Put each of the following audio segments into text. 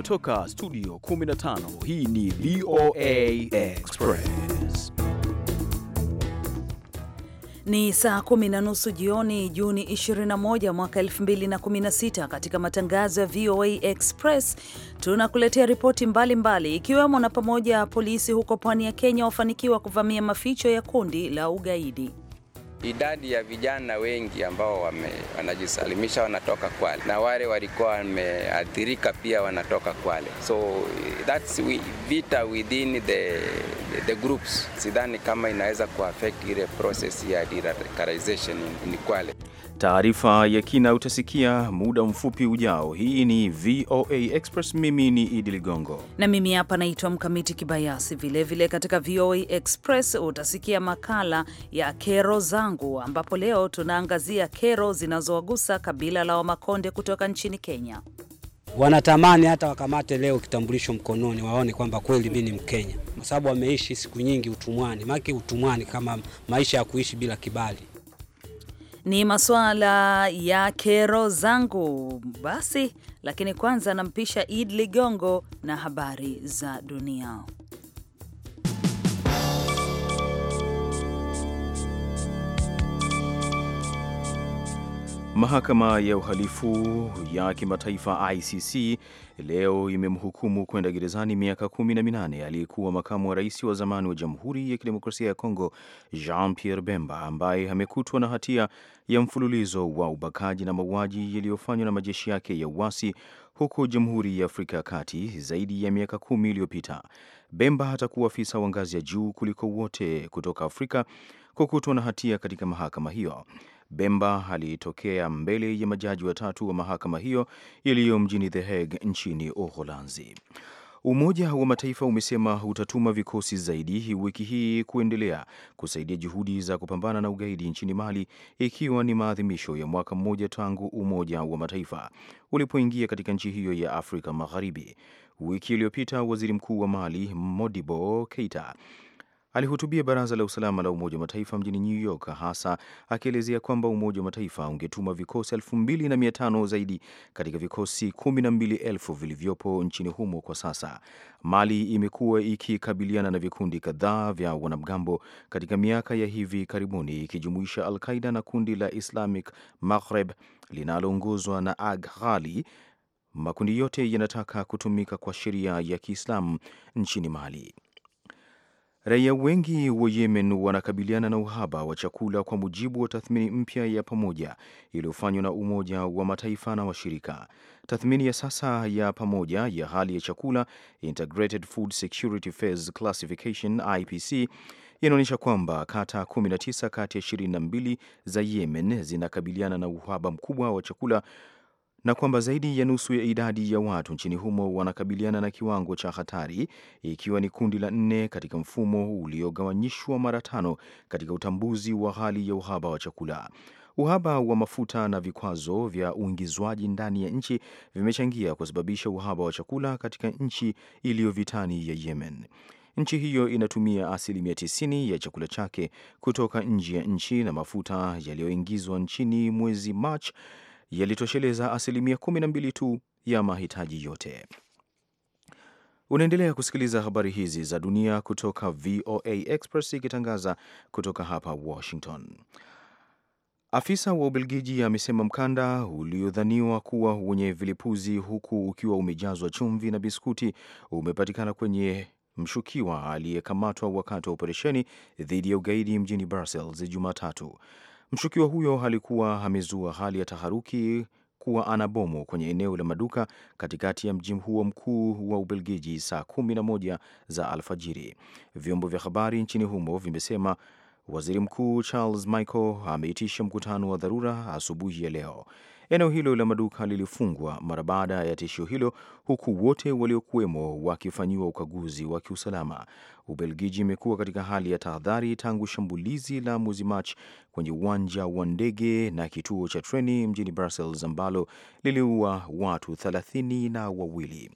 kutoka studio 15 hii ni VOA Express ni saa kumi na nusu jioni Juni 21 mwaka 2016. Katika matangazo ya VOA Express tunakuletea ripoti mbalimbali, ikiwemo na pamoja polisi huko pwani ya Kenya wafanikiwa kuvamia maficho ya kundi la ugaidi idadi ya vijana wengi ambao wame, wanajisalimisha wanatoka Kwale na wale walikuwa wameathirika pia wanatoka Kwale, so that's we, vita within the, the the groups. Sidhani kama inaweza kuaffect ile process ya deradicalization ni Kwale. Taarifa ya kina utasikia muda mfupi ujao. Hii ni VOA Express, mimi ni Idi Ligongo na mimi hapa naitwa Mkamiti Kibayasi. Vilevile katika VOA Express utasikia makala ya kero zangu changu, ambapo leo tunaangazia kero zinazowagusa kabila la Wamakonde kutoka nchini Kenya. Wanatamani hata wakamate leo kitambulisho mkononi, waone kwamba kweli mi ni Mkenya, kwa sababu wameishi siku nyingi utumwani. make utumwani kama maisha ya kuishi bila kibali ni masuala ya kero zangu basi, lakini kwanza nampisha Id Ligongo na habari za dunia. Mahakama ya uhalifu ya kimataifa ICC leo imemhukumu kwenda gerezani miaka kumi na minane aliyekuwa makamu wa rais wa zamani wa Jamhuri ya Kidemokrasia ya Kongo Jean Pierre Bemba ambaye amekutwa na hatia ya mfululizo wa ubakaji na mauaji yaliyofanywa na majeshi yake ya uasi huko Jamhuri ya Afrika ya Kati zaidi ya miaka kumi iliyopita. Bemba atakuwa afisa wa ngazi ya juu kuliko wote kutoka Afrika kukutwa na hatia katika mahakama hiyo. Bemba alitokea mbele ya majaji watatu wa mahakama hiyo iliyo mjini The Hague nchini Uholanzi. Umoja wa Mataifa umesema utatuma vikosi zaidi wiki hii kuendelea kusaidia juhudi za kupambana na ugaidi nchini Mali, ikiwa ni maadhimisho ya mwaka mmoja tangu Umoja wa Mataifa ulipoingia katika nchi hiyo ya Afrika Magharibi. Wiki iliyopita, waziri mkuu wa Mali Modibo Keita Alihutubia Baraza la Usalama la Umoja wa Mataifa mjini New York, hasa akielezea kwamba Umoja wa Mataifa ungetuma vikosi elfu zaidi katika vikosi kumi vilivyopo nchini humo kwa sasa. Mali imekuwa ikikabiliana na vikundi kadhaa vya wanamgambo katika miaka ya hivi karibuni ikijumuisha Al-Qaida na kundi la Islamic Maghreb linaloongozwa na Ag Ghali. Makundi yote yanataka kutumika kwa sheria ya Kiislamu nchini Mali. Raia wengi wa Yemen wanakabiliana na uhaba wa chakula kwa mujibu wa tathmini mpya ya pamoja iliyofanywa na Umoja wa Mataifa na washirika. Tathmini ya sasa ya pamoja ya hali ya chakula, Integrated Food Security Phase Classification, IPC, inaonyesha kwamba kata 19 kati ya 22 za Yemen zinakabiliana na uhaba mkubwa wa chakula na kwamba zaidi ya nusu ya idadi ya watu nchini humo wanakabiliana na kiwango cha hatari, ikiwa ni kundi la nne katika mfumo uliogawanyishwa mara tano katika utambuzi wa hali ya uhaba wa chakula. Uhaba wa mafuta na vikwazo vya uingizwaji ndani ya nchi vimechangia kusababisha uhaba wa chakula katika nchi iliyo vitani ya Yemen. Nchi hiyo inatumia asilimia 90 ya chakula chake kutoka nje ya nchi, na mafuta yaliyoingizwa nchini mwezi Machi yalitosheleza asilimia 12 tu ya mahitaji yote. Unaendelea kusikiliza habari hizi za dunia kutoka VOA Express ikitangaza kutoka hapa Washington. Afisa wa Ubelgiji amesema mkanda uliodhaniwa kuwa wenye vilipuzi huku ukiwa umejazwa chumvi na biskuti umepatikana kwenye mshukiwa aliyekamatwa wakati wa operesheni dhidi ya ugaidi mjini Brussels Jumatatu. Mshukiwa huyo alikuwa amezua hali ya taharuki kuwa ana bomu kwenye eneo la maduka katikati ya mji huo mkuu wa Ubelgiji saa moja za alfajiri. Vyombo vya habari nchini humo vimesema Waziri Mkuu Charles Michel ameitisha mkutano wa dharura asubuhi ya leo. Eneo hilo la maduka lilifungwa mara baada ya tishio hilo, huku wote waliokuwemo wakifanyiwa ukaguzi wa kiusalama. Ubelgiji imekuwa katika hali ya tahadhari tangu shambulizi la mwezi Machi kwenye uwanja wa ndege na kituo cha treni mjini Brussels ambalo liliua watu thelathini na wawili.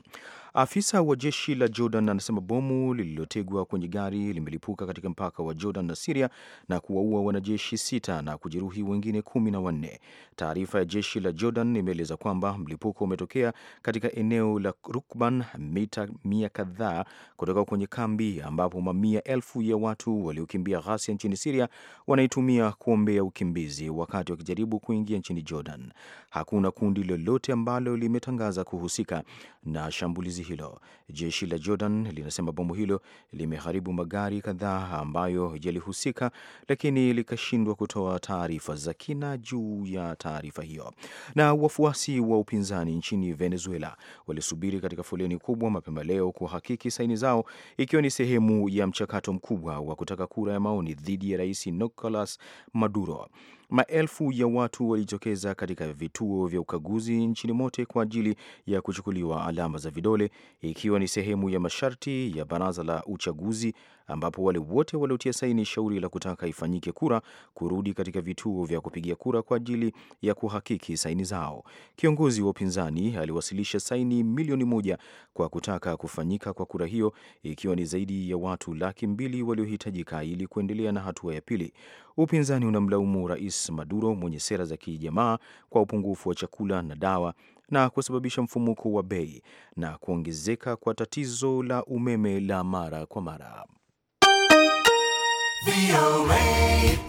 Afisa wa jeshi la Jordan anasema bomu lililotegwa kwenye gari limelipuka katika mpaka wa Jordan na Siria na kuwaua wanajeshi sita na kujeruhi wengine kumi na wanne. Taarifa ya jeshi la Jordan imeeleza kwamba mlipuko umetokea katika eneo la Rukban, mita mia kadhaa kutoka kwenye kambi ambapo mamia elfu ya watu waliokimbia ghasia nchini Siria wanaitumia kuombea ukimbizi wakati wakijaribu kuingia nchini Jordan. Hakuna kundi lolote ambalo limetangaza kuhusika na shambulizi hilo. Jeshi la Jordan linasema bomu hilo limeharibu magari kadhaa ambayo yalihusika, lakini likashindwa kutoa taarifa za kina juu ya taarifa hiyo. Na wafuasi wa upinzani nchini Venezuela walisubiri katika foleni kubwa mapema leo kuhakiki saini zao, ikiwa ni sehemu ya mchakato mkubwa wa kutaka kura ya maoni dhidi ya Rais Nicolas Maduro. Maelfu ya watu walijitokeza katika vituo vya ukaguzi nchini mote kwa ajili ya kuchukuliwa alama za vidole, ikiwa ni sehemu ya masharti ya baraza la uchaguzi ambapo wale wote waliotia saini shauri la kutaka ifanyike kura kurudi katika vituo vya kupigia kura kwa ajili ya kuhakiki saini zao. Kiongozi wa upinzani aliwasilisha saini milioni moja kwa kutaka kufanyika kwa kura hiyo, ikiwa ni zaidi ya watu laki mbili waliohitajika ili kuendelea na hatua ya pili. Upinzani unamlaumu Rais Maduro mwenye sera za kijamaa kwa upungufu wa chakula na dawa na kusababisha mfumuko wa bei na kuongezeka kwa tatizo la umeme la mara kwa mara. Be away.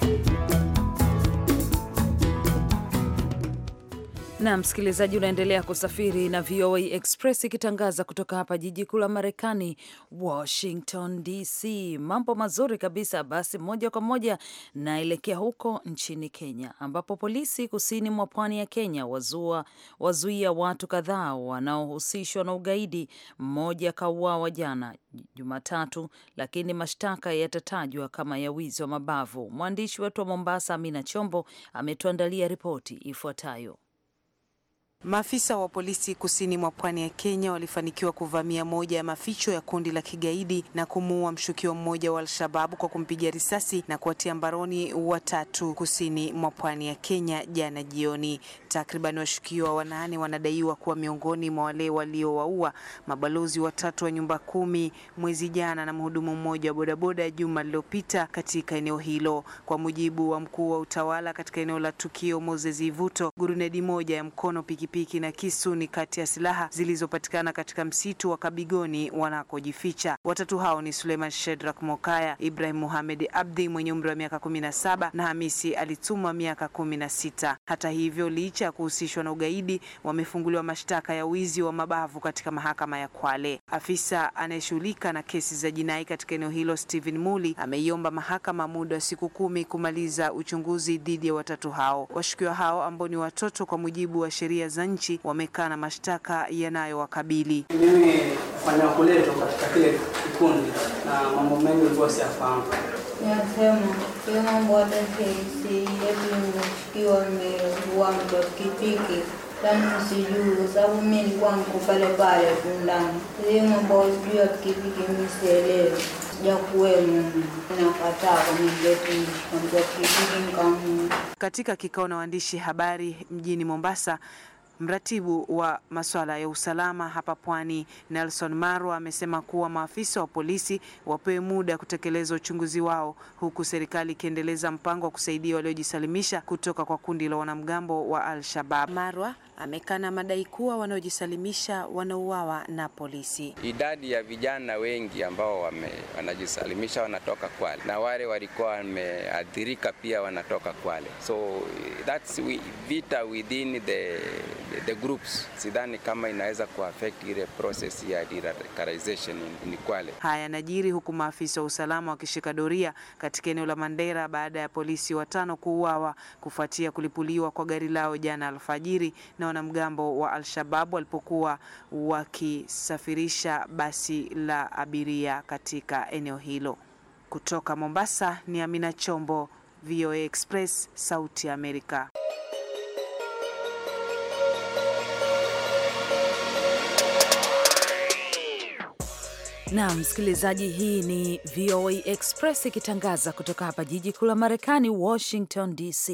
na msikilizaji, unaendelea kusafiri na VOA Express ikitangaza kutoka hapa jiji kuu la Marekani, Washington DC. Mambo mazuri kabisa. Basi moja kwa moja naelekea huko nchini Kenya, ambapo polisi kusini mwa pwani ya Kenya wazua wazuia watu kadhaa wanaohusishwa na ugaidi. Mmoja kauawa jana Jumatatu, lakini mashtaka yatatajwa kama ya wizi wa mabavu. Mwandishi wetu wa Mombasa, Amina Chombo, ametuandalia ripoti ifuatayo. Maafisa wa polisi kusini mwa pwani ya Kenya walifanikiwa kuvamia moja ya maficho ya kundi la kigaidi na kumuua mshukiwa mmoja wa alshababu kwa kumpiga risasi na kuwatia mbaroni watatu kusini mwa pwani ya Kenya jana jioni. Takriban washukiwa wanane wanadaiwa kuwa miongoni mwa wale waliowaua mabalozi watatu wa nyumba kumi mwezi jana na mhudumu mmoja wa bodaboda juma lililopita katika eneo hilo. Kwa mujibu wa mkuu wa utawala katika eneo la tukio Moses Ivuto, gurunedi moja ya mkono piki pikipiki na kisu ni kati ya silaha zilizopatikana katika msitu wa Kabigoni wanakojificha. Watatu hao ni Suleiman Shedrak Mokaya, Ibrahim Muhamed Abdi mwenye umri wa miaka kumi na saba na Hamisi alitumwa miaka kumi na sita. Hata hivyo, licha ya kuhusishwa na ugaidi, wamefunguliwa mashtaka ya wizi wa mabavu katika mahakama ya Kwale. Afisa anayeshughulika na kesi za jinai katika eneo hilo Steven Muli ameiomba mahakama muda wa siku kumi kumaliza uchunguzi dhidi ya watatu hao. Washukiwa hao ambao ni watoto kwa mujibu wa sheria za wananchi na mashtaka yanayowakabili. Mimi kuletwa katika kile kikundi na mambo mengi ulikuwa siyafahamu katika kikao na waandishi habari mjini Mombasa. Mratibu wa masuala ya usalama hapa Pwani, Nelson Marwa, amesema kuwa maafisa wa polisi wapewe muda kutekeleza uchunguzi wao, huku serikali ikiendeleza mpango wa kusaidia waliojisalimisha kutoka kwa kundi la wanamgambo wa al shabab Marwa amekana madai kuwa wanaojisalimisha wanauawa na polisi. Idadi ya vijana wengi ambao wame, wanajisalimisha wanatoka Kwale na wale walikuwa wameathirika pia wanatoka Kwale, so that's we, vita within the the groups, sidhani kama inaweza kuaffect ile process ya radicalization in Kwale. Haya yanajiri huku maafisa wa usalama wakishika doria katika eneo la Mandera baada ya polisi watano kuuawa kufuatia kulipuliwa kwa gari lao jana alfajiri na wanamgambo wa al walipokuwa wakisafirisha basi la abiria katika eneo hilo. Kutoka Mombasa ni Amina Chombo, VOA Express, Sauti ya Amerika. Na msikilizaji, hii ni VOA Express ikitangaza kutoka hapa jiji kuu la Marekani, Washington DC.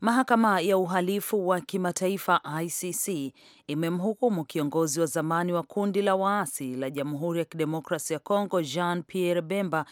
Mahakama ya Uhalifu wa Kimataifa ICC imemhukumu kiongozi wa zamani wa kundi la waasi la Jamhuri ya kidemokrasi ya Kongo Jean Pierre Bemba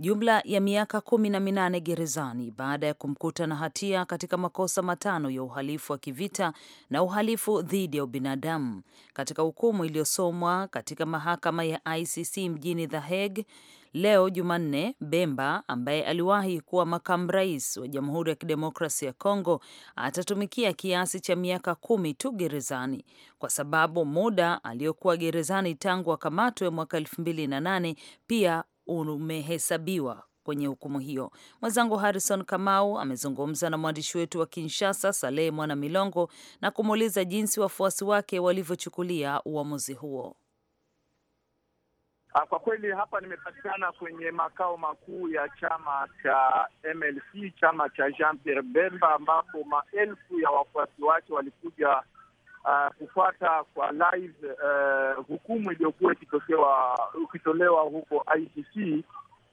jumla ya miaka kumi na minane gerezani baada ya kumkuta na hatia katika makosa matano ya uhalifu wa kivita na uhalifu dhidi ya ubinadamu katika hukumu iliyosomwa katika mahakama ya ICC mjini The Hague leo Jumanne. Bemba ambaye aliwahi kuwa makamu rais wa Jamhuri ya Kidemokrasia ya Kongo atatumikia kiasi cha miaka kumi tu gerezani kwa sababu muda aliyokuwa gerezani tangu akamatwe mwaka elfu mbili na nane pia umehesabiwa kwenye hukumu hiyo. Mwenzangu Harrison Kamau amezungumza na mwandishi wetu wa Kinshasa, Salehe Mwana Milongo, na kumuuliza jinsi wafuasi wake walivyochukulia uamuzi huo. Ah, kwa kweli hapa nimepatikana kwenye makao makuu ya chama cha MLC, chama cha Jean Pierre Bemba, ambapo maelfu ya wafuasi wake walikuja uh, kufuata kwa live uh, hukumu iliyokuwa ikitolewa huko ICC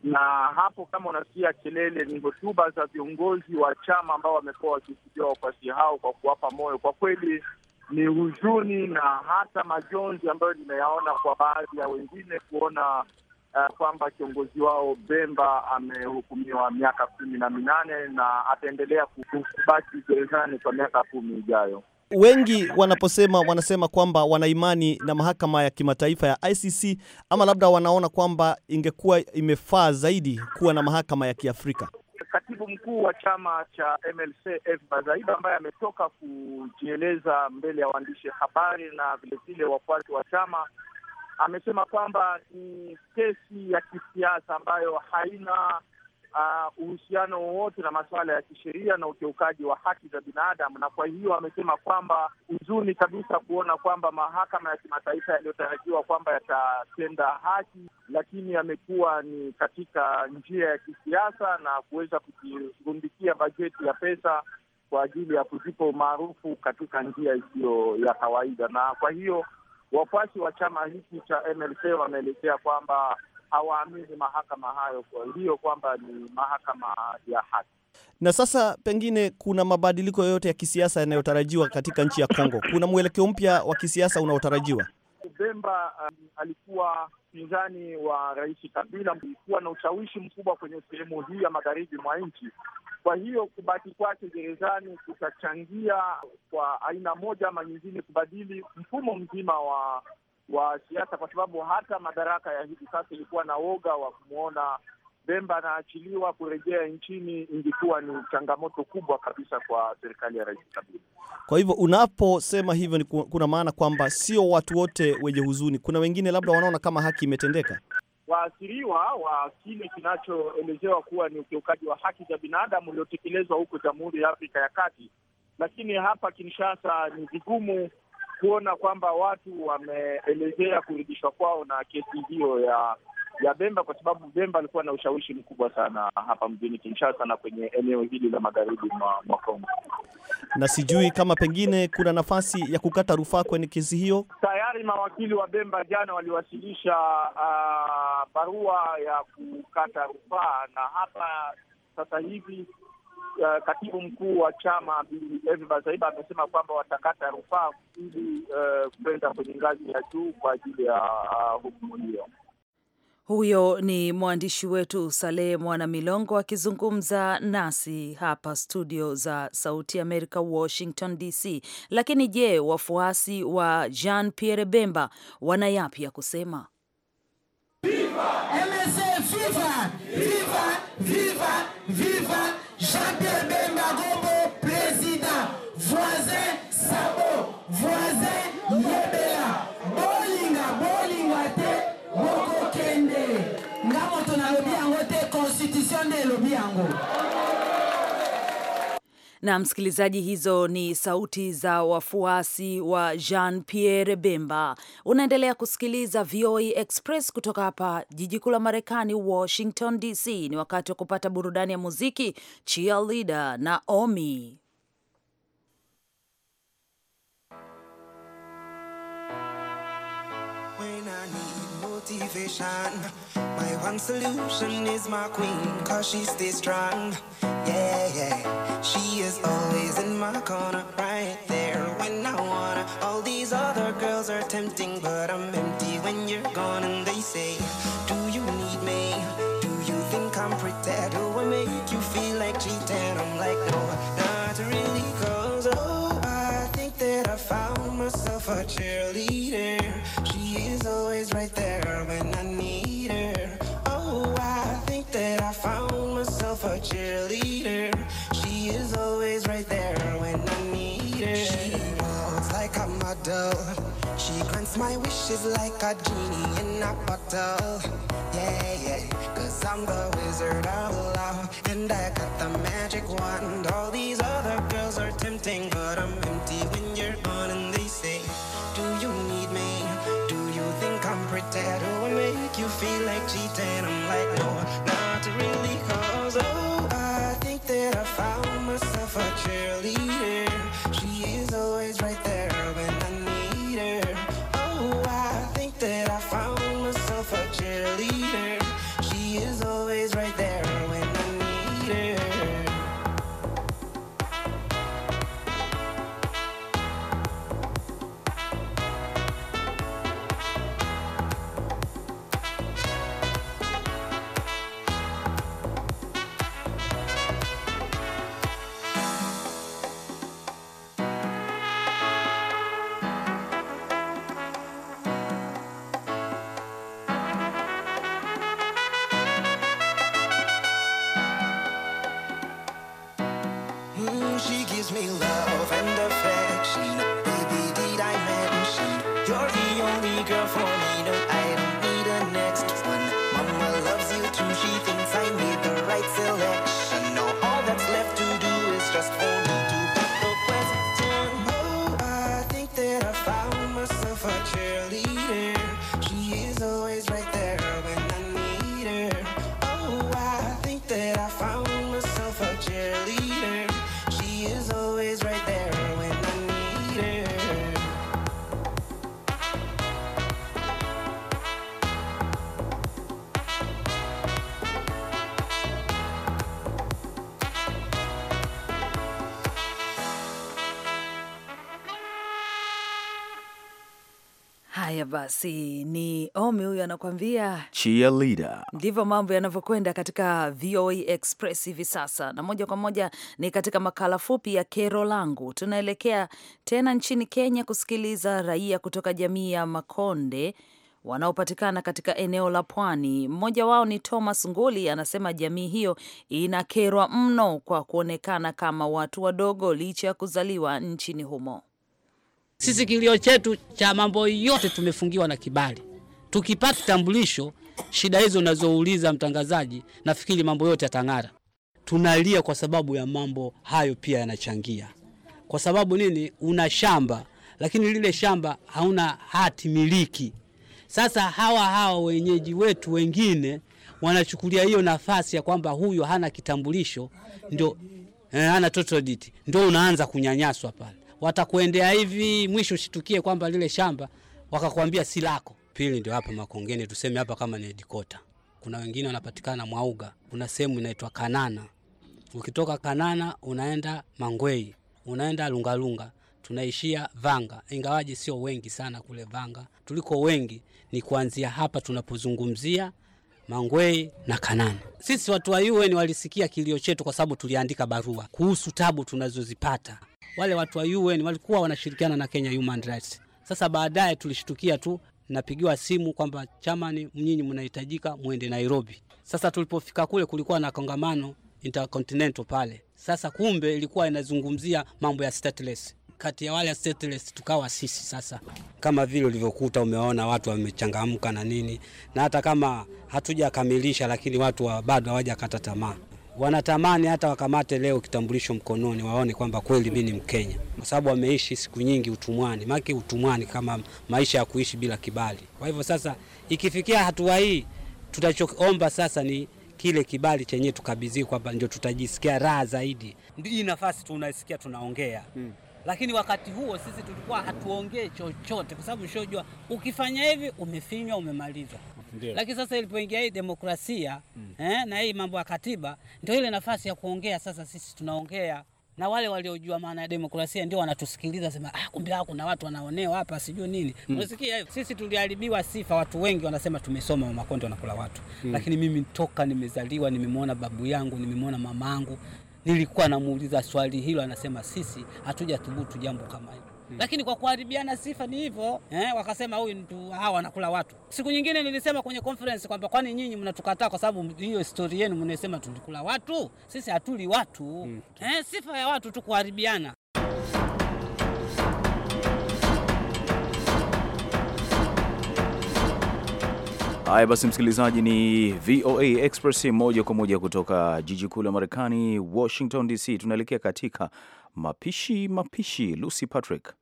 na hapo, kama unasikia kelele, ni hotuba za viongozi wa chama ambao wamekuwa wakihutubia wafuasi hao kwa kuwapa moyo. Kwa kweli ni huzuni na hata majonzi ambayo nimeyaona kwa baadhi ya wengine kuona uh, kwamba kiongozi wao Bemba amehukumiwa miaka kumi na minane na ataendelea kubaki gerezani kwa miaka kumi ijayo wengi wanaposema wanasema kwamba wana imani na mahakama ya kimataifa ya ICC ama labda wanaona kwamba ingekuwa imefaa zaidi kuwa na mahakama ya Kiafrika. Katibu mkuu wa chama cha MLC F Bazaiba ambaye ametoka kujieleza mbele ya waandishi habari na vilevile wafuasi wa chama amesema kwamba ni kesi ya kisiasa ambayo haina uhusiano wowote na masuala ya kisheria na ukiukaji wa haki za binadamu, na kwa hiyo amesema kwamba huzuni kabisa kuona kwamba mahakama ya kimataifa yaliyotarajiwa kwamba yatatenda haki, lakini yamekuwa ni katika njia ya kisiasa na kuweza kujirundikia bajeti ya pesa kwa ajili ya kujipa umaarufu katika njia isiyo ya kawaida. Na kwa hiyo wafuasi wa chama hiki cha MLC wameelezea kwamba hawaamini mahakama hayo, kwa hiyo kwamba ni mahakama ya haki. Na sasa pengine kuna mabadiliko yoyote ya kisiasa yanayotarajiwa katika nchi ya Kongo? Kuna mwelekeo mpya wa kisiasa unaotarajiwa? Bemba um, uh, alikuwa pinzani wa Rais Kabila, alikuwa na ushawishi mkubwa kwenye sehemu hii ya magharibi mwa nchi. Kwa hiyo kubaki kwake gerezani kutachangia kwa aina moja ama nyingine kubadili mfumo mzima wa wa siasa, kwa sababu hata madaraka ya hivi sasa ilikuwa na woga wa kumwona Bemba anaachiliwa kurejea nchini, ingekuwa ni changamoto kubwa kabisa kwa serikali ya Rais Kabila. Kwa hivyo unaposema hivyo, ni kuna maana kwamba sio watu wote wenye huzuni, kuna wengine labda wanaona kama haki imetendeka. Waathiriwa wa kile kinachoelezewa kuwa ni ukiukaji wa haki za binadamu uliotekelezwa huko Jamhuri ya Afrika ya Kati, lakini hapa Kinshasa ni vigumu kuona kwamba watu wameelezea kurudishwa kwao na kesi hiyo ya ya Bemba kwa sababu Bemba alikuwa na ushawishi mkubwa sana hapa mjini Kinshasa na kwenye eneo hili la magharibi mwa Kongo. Na sijui kama pengine kuna nafasi ya kukata rufaa kwenye kesi hiyo. Tayari mawakili wa Bemba jana waliwasilisha uh, barua ya kukata rufaa, na hapa sasa hivi uh, katibu mkuu wa chama Bi amesema kwamba watakata rufaa ili uh, kwenda kwenye ngazi ya juu kwa ajili ya uh, hukumu hiyo. Huyo ni mwandishi wetu Saleh Mwana Milongo akizungumza nasi hapa studio za Sauti Amerika, Washington DC. Lakini je, wafuasi wa Jean Pierre Bemba wana yapi ya kusema? Viva! Sénateur Benga Gombo, président. Voisin Sabo, voisin Yebela. Bolinga, bolinga te, boko kende. Nga moto na lobi yango te, constitution de lobi yango. Na msikilizaji, hizo ni sauti za wafuasi wa Jean Pierre Bemba. Unaendelea kusikiliza VOA Express kutoka hapa jiji kuu la Marekani, Washington DC. Ni wakati wa kupata burudani ya muziki, Cheerleader na Omi. motivation. My one solution is my queen, cause she stays strong. Yeah, yeah. She is always in my corner, right there when I wanna. All these other girls are tempting, but I'm empty when you're gone. And they say, Do you need me? Do you think I'm pretty? Do I make a cheerleader. She is always right there when I need her. Oh, I think that I found myself a cheerleader. She is always right there when I need her. She walks like a model. She grants my wishes like a genie in a bottle. Yeah, yeah, cause I'm the wizard of love. And I got the magic wand. All these other girls are tempting, but I'm empty when you're gone. found basi ni Omi huyu anakuambia cheerleader. Ndivyo mambo yanavyokwenda katika VOA Express hivi sasa, na moja kwa moja ni katika makala fupi ya kero langu. Tunaelekea tena nchini Kenya kusikiliza raia kutoka jamii ya Makonde wanaopatikana katika eneo la pwani. Mmoja wao ni Thomas Nguli, anasema jamii hiyo inakerwa mno kwa kuonekana kama watu wadogo licha ya kuzaliwa nchini humo. Sisi kilio chetu cha mambo yote tumefungiwa na kibali. Tukipata kitambulisho, shida hizo unazouliza mtangazaji, nafikiri mambo yote yatang'ara. Tunalia kwa sababu ya mambo hayo, pia yanachangia. Kwa sababu nini? Una shamba lakini lile shamba hauna hati miliki. Sasa hawa hawa wenyeji wetu wengine wanachukulia hiyo nafasi ya kwamba huyo hana kitambulisho ndio, eh, hana total deed ndio unaanza kunyanyaswa pale watakuendea hivi, mwisho shitukie kwamba lile shamba wakakwambia si lako. Pili ndio hapa Makongeni, tuseme hapa kama ni Dikota, kuna wengine wanapatikana Mwauga, kuna sehemu inaitwa Kanana. Ukitoka Kanana unaenda Mangwei, unaenda Lungalunga, tunaishia Vanga, ingawaje sio wengi sana kule Vanga. Tuliko wengi ni kuanzia hapa tunapozungumzia Mangwei na Kanana. Sisi watu wa UN walisikia kilio chetu, kwa sababu tuliandika barua kuhusu tabu tunazozipata wale watu wa UN walikuwa wanashirikiana na Kenya Human Rights. Sasa baadaye tulishtukia tu napigiwa simu kwamba chamani, mnyinyi mnahitajika mwende Nairobi. Sasa tulipofika kule kulikuwa na kongamano Intercontinental pale. Sasa kumbe ilikuwa inazungumzia mambo ya stateless. Kati ya wale stateless tukawa sisi sasa, kama vile ulivyokuta umeona watu wamechangamka na nini, na hata kama hatujakamilisha, lakini watu wa bado hawajakata tamaa wanatamani hata wakamate leo kitambulisho mkononi, waone kwamba kweli mimi ni Mkenya, kwa sababu wameishi siku nyingi utumwani, maki utumwani kama maisha ya kuishi bila kibali. Kwa hivyo sasa, ikifikia hatua hii, tutachoomba sasa ni kile kibali chenyewe tukabidhiwe, kwamba ndio tutajisikia raha zaidi. Hii nafasi tunasikia tunaongea hmm. Lakini wakati huo sisi tulikuwa hatuongee chochote, kwa sababu shojua ukifanya hivi umefinywa, umemalizwa. Lakini sasa ilipoingia hii demokrasia mm. eh, na hii mambo ya katiba ndio ile nafasi ya kuongea sasa. Sisi tunaongea na wale waliojua maana ya demokrasia ndio wanatusikiliza, sema ah, kumbe hapa kuna watu wanaonewa hapa, sijui nini. Mm. Unasikia hiyo, sisi tuliharibiwa sifa. Watu wengi wanasema tumesoma, Makonde wanakula watu mm. lakini mimi toka nimezaliwa nimemwona babu yangu, nimemwona mamangu, nilikuwa namuuliza swali hilo, anasema sisi hatuja thubutu jambo kama hilo. Mm. Lakini kwa kuharibiana sifa ni hivyo eh, wakasema huyu mtu hawa anakula watu. Siku nyingine nilisema kwenye conference kwamba kwani nyinyi mnatukataa kwa sababu hiyo story yenu mnasema tulikula watu? Sisi hatuli watu mm. Eh, sifa ya watu tu kuharibiana. Haya basi, msikilizaji, ni VOA Express moja kwa moja kutoka jiji kuu la Marekani, Washington DC. Tunaelekea katika mapishi mapishi. Lucy Patrick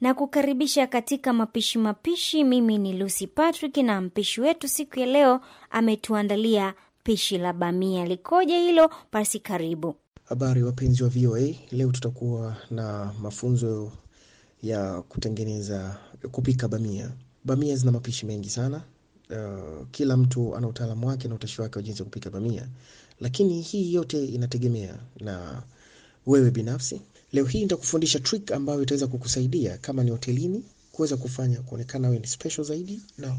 na kukaribisha katika mapishi mapishi. Mimi ni Lucy Patrick, na mpishi wetu siku ya leo ametuandalia pishi la bamia. Likoje hilo basi? Karibu. Habari wapenzi wa VOA, leo tutakuwa na mafunzo ya kutengeneza kupika bamia. Bamia zina mapishi mengi sana. Uh, kila mtu ana utaalamu wake na utashi wake wa jinsi ya kupika bamia, lakini hii yote inategemea na wewe binafsi. Leo hii nitakufundisha trick ambayo itaweza kukusaidia kama ni hotelini kuweza kufanya kuonekana wewe ni special zaidi na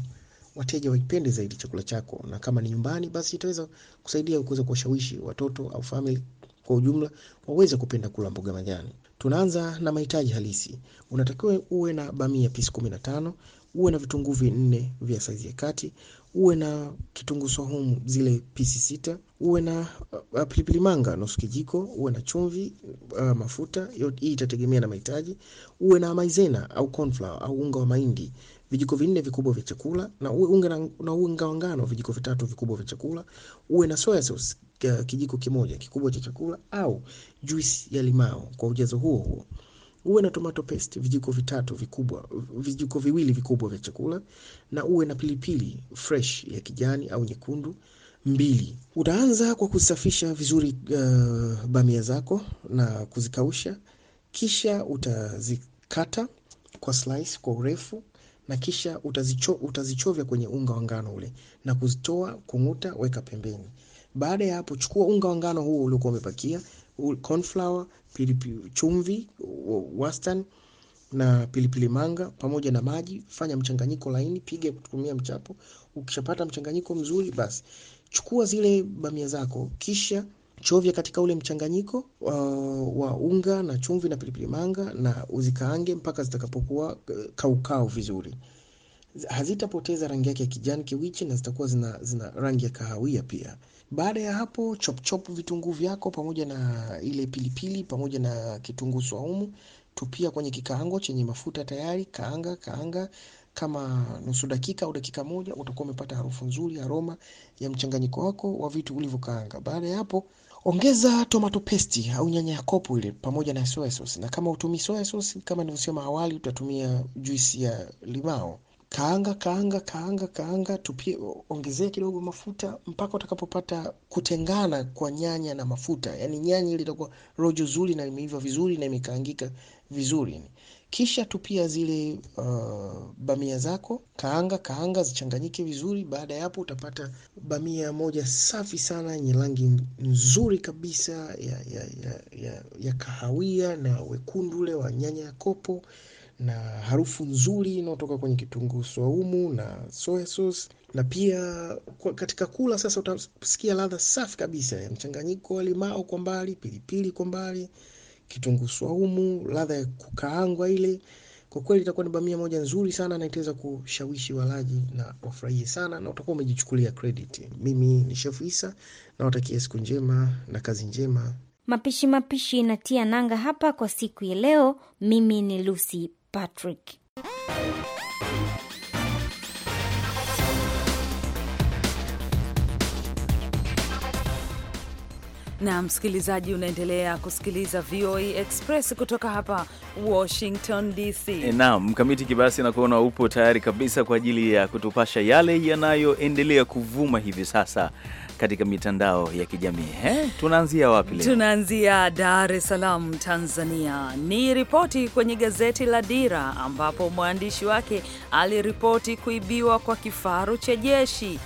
wateja waipende zaidi chakula chako, na kama ni nyumbani, basi itaweza kusaidia kuweza kuwashawishi watoto au family kwa ujumla waweze kupenda kula mboga majani. Tunaanza na mahitaji halisi. Unatakiwa uwe na bamia pisi kumi na tano uwe na vitunguu vinne vya saizi ya kati, uwe na kitunguu saumu zile pisi sita, uwe na uh, uh, pilipili manga nusu kijiko, uwe na chumvi uh, mafuta. Hii itategemea na mahitaji. Uwe na maizena au cornflour au unga wa mahindi vijiko vinne vikubwa vya chakula, na uwe unga na, na unga wa ngano vijiko vitatu vikubwa vya chakula. Uwe na soya sauce uh, kijiko kimoja kikubwa cha chakula, au juisi ya limao kwa ujazo huo huo uwe na tomato paste vijiko vitatu vikubwa, vijiko viwili vikubwa vya chakula, na uwe na pilipili fresh ya kijani au nyekundu mbili. Utaanza kwa kusafisha vizuri uh, bamia zako na kuzikausha, kisha utazikata kwa slice kwa urefu na kisha utazicho, utazichovya kwenye unga wa ngano ule na kuzitoa kung'uta, weka pembeni. Baada ya hapo, chukua unga wa ngano huo uliokuwa umepakia cornflower, pilipili chumvi wastan na pilipili manga pamoja na maji. Fanya mchanganyiko laini, piga kutumia mchapo. Ukishapata mchanganyiko mzuri, basi chukua zile bamia zako, kisha chovya katika ule mchanganyiko uh, wa unga na chumvi na pilipili manga na uzikaange mpaka zitakapokuwa uh, kaukau vizuri hazitapoteza rangi yake ya kijani kiwichi na zitakuwa zina, zina rangi ya kahawia pia. Baada ya hapo, chop chop vitunguu vyako pamoja na ile pilipili pamoja na kitunguu swaumu, tupia kwenye kikaango chenye mafuta tayari. Kaanga kaanga kama nusu dakika au dakika moja, utakuwa umepata harufu nzuri, aroma ya mchanganyiko wako wa vitu ulivyokaanga. Baada ya hapo ongeza tomato paste au nyanya ya kopo ile pamoja na soya sauce, na kama utumii soya sauce, kama nilivyosema awali, utatumia juisi ya limao kaanga kaanga kaanga kaanga, tupie ongezea kidogo mafuta mpaka utakapopata kutengana kwa nyanya na mafuta, yani nyanya ile itakuwa rojo zuri na imeiva vizuri na imekaangika vizuri. Kisha tupia zile uh, bamia zako, kaanga kaanga zichanganyike vizuri. Baada ya hapo utapata bamia moja safi sana yenye rangi nzuri kabisa ya, ya, ya, ya, ya kahawia na wekundu ule wa nyanya ya kopo na harufu nzuri inayotoka kwenye kitunguu swaumu na soya sauce, na pia katika kula sasa utasikia ladha safi kabisa ya mchanganyiko wa limao kwa mbali, pilipili kwa mbali, kitunguu swaumu, ladha ya kukaangwa ile. Kwa kweli itakuwa ni bamia moja nzuri sana na itaweza kushawishi walaji na wafurahie sana, na utakuwa umejichukulia credit. Mimi ni chef Isa, nawatakia siku njema na kazi njema. Mapishi Mapishi inatia nanga hapa kwa siku ya leo. Mimi ni Lucy Patrick. Na msikilizaji, unaendelea kusikiliza VOA Express kutoka hapa Washington DC. E, naam Mkamiti Kibasi, nakuona upo tayari kabisa kwa ajili ya kutupasha yale yanayoendelea kuvuma hivi sasa katika mitandao ya kijamii eh? Tunaanzia wapi leo? Tunaanzia Dar es Salaam, Tanzania. Ni ripoti kwenye gazeti la Dira ambapo mwandishi wake aliripoti kuibiwa kwa kifaru cha jeshi.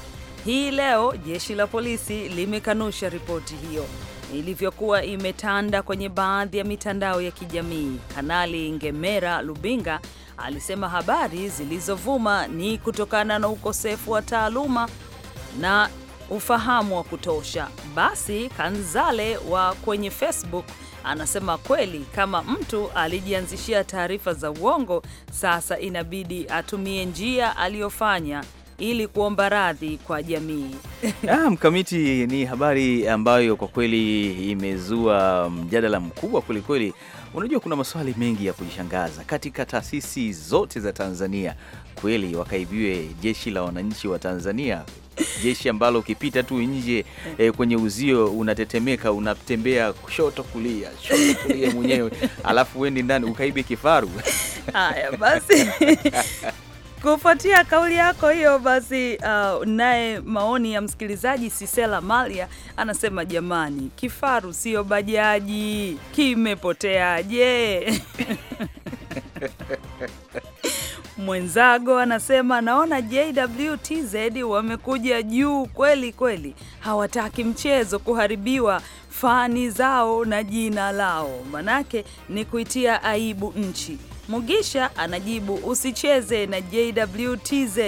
Hii leo jeshi la polisi limekanusha ripoti hiyo ilivyokuwa imetanda kwenye baadhi ya mitandao ya kijamii. Kanali Ngemera Lubinga alisema habari zilizovuma ni kutokana na ukosefu wa taaluma na ufahamu wa kutosha. Basi Kanzale wa kwenye Facebook anasema kweli, kama mtu alijianzishia taarifa za uongo, sasa inabidi atumie njia aliyofanya ili kuomba radhi kwa jamii. Ah, Mkamiti, ni habari ambayo kwa kweli imezua mjadala mkubwa kwelikweli. Unajua, kuna maswali mengi ya kujishangaza katika taasisi zote za Tanzania kweli wakaibiwe jeshi la wananchi wa Tanzania, jeshi ambalo ukipita tu nje e, kwenye uzio unatetemeka, unatembea kushoto kulia, shoto kulia mwenyewe alafu wendi ndani ukaibi kifaru. Haya basi Kufuatia kauli yako hiyo basi, uh, naye maoni ya msikilizaji Sisela Malia anasema jamani, kifaru sio bajaji, kimepoteaje? Mwenzago anasema naona JWTZ wamekuja juu kweli kweli, hawataki mchezo kuharibiwa fani zao na jina lao, manake ni kuitia aibu nchi. Mugisha anajibu usicheze na JWTZ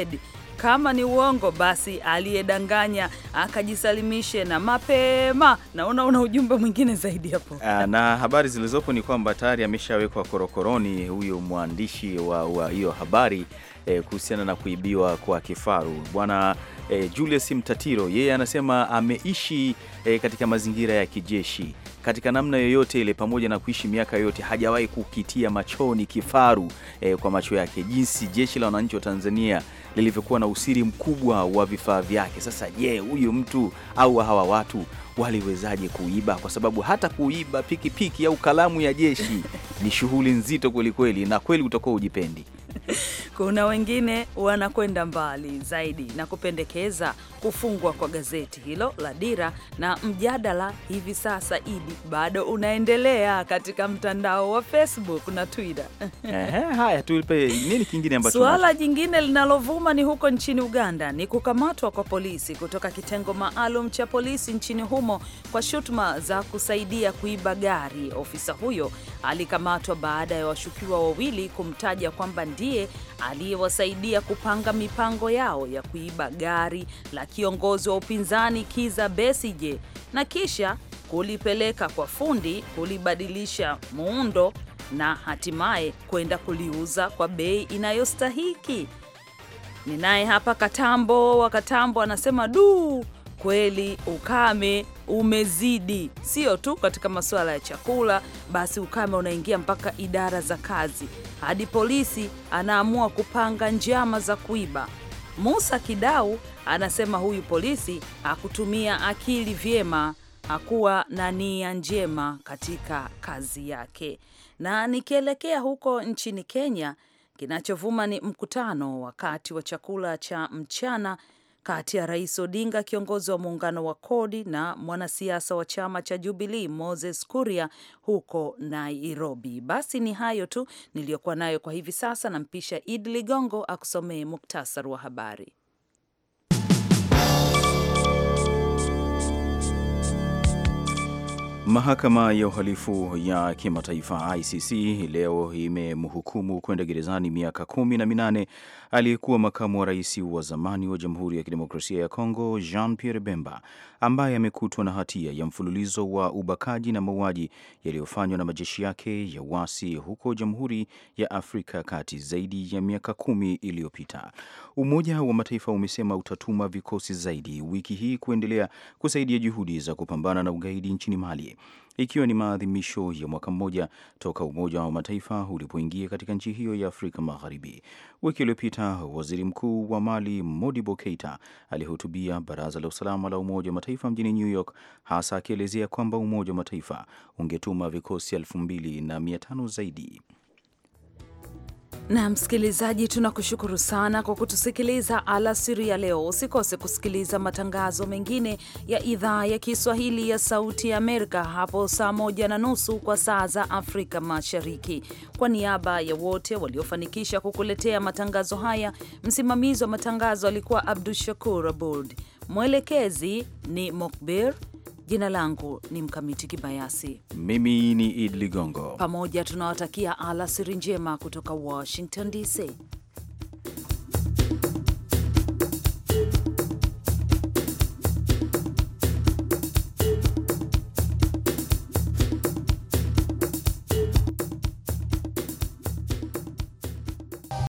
kama ni uongo basi aliyedanganya akajisalimishe na mapema. Naona una ujumbe mwingine zaidi hapo. Ah, na habari zilizopo ni kwamba tayari ameshawekwa korokoroni huyo mwandishi wa hiyo habari eh, kuhusiana na kuibiwa kwa kifaru bwana eh, Julius Mtatiro. Yeye anasema ameishi eh, katika mazingira ya kijeshi katika namna yoyote ile, pamoja na kuishi miaka yote, hajawahi kukitia machoni kifaru eh, kwa macho yake, jinsi jeshi la wananchi wa Tanzania lilivyokuwa na usiri mkubwa wa vifaa vyake. Sasa je, huyu mtu au hawa watu waliwezaje kuiba? Kwa sababu hata kuiba pikipiki au kalamu ya jeshi ni shughuli nzito kwelikweli, na kweli utakuwa ujipendi kuna wengine wanakwenda mbali zaidi na kupendekeza kufungwa kwa gazeti hilo la Dira, na mjadala hivi sasa Idi bado unaendelea katika mtandao wa Facebook na Twitter. Haya, nini kingine ambacho suala jingine linalovuma ni huko nchini Uganda ni kukamatwa kwa polisi kutoka kitengo maalum cha polisi nchini humo kwa shutuma za kusaidia kuiba gari. Ofisa huyo alikamatwa baada ya washukiwa wawili kumtaja kwamba ndi ndiye aliyewasaidia kupanga mipango yao ya kuiba gari la kiongozi wa upinzani Kiza Besije na kisha kulipeleka kwa fundi kulibadilisha muundo na hatimaye kwenda kuliuza kwa bei inayostahiki. Ninaye hapa Katambo wa Katambo anasema duu kweli ukame umezidi, sio tu katika masuala ya chakula, basi ukame unaingia mpaka idara za kazi, hadi polisi anaamua kupanga njama za kuiba. Musa Kidau anasema huyu polisi hakutumia akili vyema, hakuwa na nia njema katika kazi yake. Na nikielekea huko nchini Kenya, kinachovuma ni mkutano wakati wa chakula cha mchana kati ya Rais Odinga, kiongozi wa muungano wa Kodi, na mwanasiasa wa chama cha jubilii Moses Kuria huko Nairobi. Basi ni hayo tu niliyokuwa nayo kwa hivi sasa. Nampisha Idi Ligongo akusomee muktasari wa habari. Mahakama ya uhalifu ya kimataifa ICC leo imemhukumu kwenda gerezani miaka kumi na minane aliyekuwa makamu wa rais wa zamani wa Jamhuri ya Kidemokrasia ya Kongo Jean Pierre Bemba ambaye amekutwa na hatia ya mfululizo wa ubakaji na mauaji yaliyofanywa na majeshi yake ya uasi huko Jamhuri ya Afrika ya Kati zaidi ya miaka kumi iliyopita. Umoja wa Mataifa umesema utatuma vikosi zaidi wiki hii kuendelea kusaidia juhudi za kupambana na ugaidi nchini Mali ikiwa ni maadhimisho ya mwaka mmoja toka Umoja wa Mataifa ulipoingia katika nchi hiyo ya Afrika Magharibi. Wiki iliyopita, waziri mkuu wa Mali Modibo Keita alihutubia Baraza la Usalama la Umoja wa Mataifa mjini New York, hasa akielezea kwamba Umoja wa Mataifa ungetuma vikosi elfu mbili na mia tano zaidi na msikilizaji, tunakushukuru sana kwa kutusikiliza alasiri ya leo. Usikose kusikiliza matangazo mengine ya idhaa ya Kiswahili ya Sauti ya Amerika hapo saa moja na nusu kwa saa za Afrika Mashariki. Kwa niaba ya wote waliofanikisha kukuletea matangazo haya, msimamizi wa matangazo alikuwa Abdu Shakur Abud, mwelekezi ni Mokbir Jina langu ni Mkamiti Kibayasi. Mimi ni id Ligongo. Pamoja tunawatakia alasiri njema kutoka Washington DC.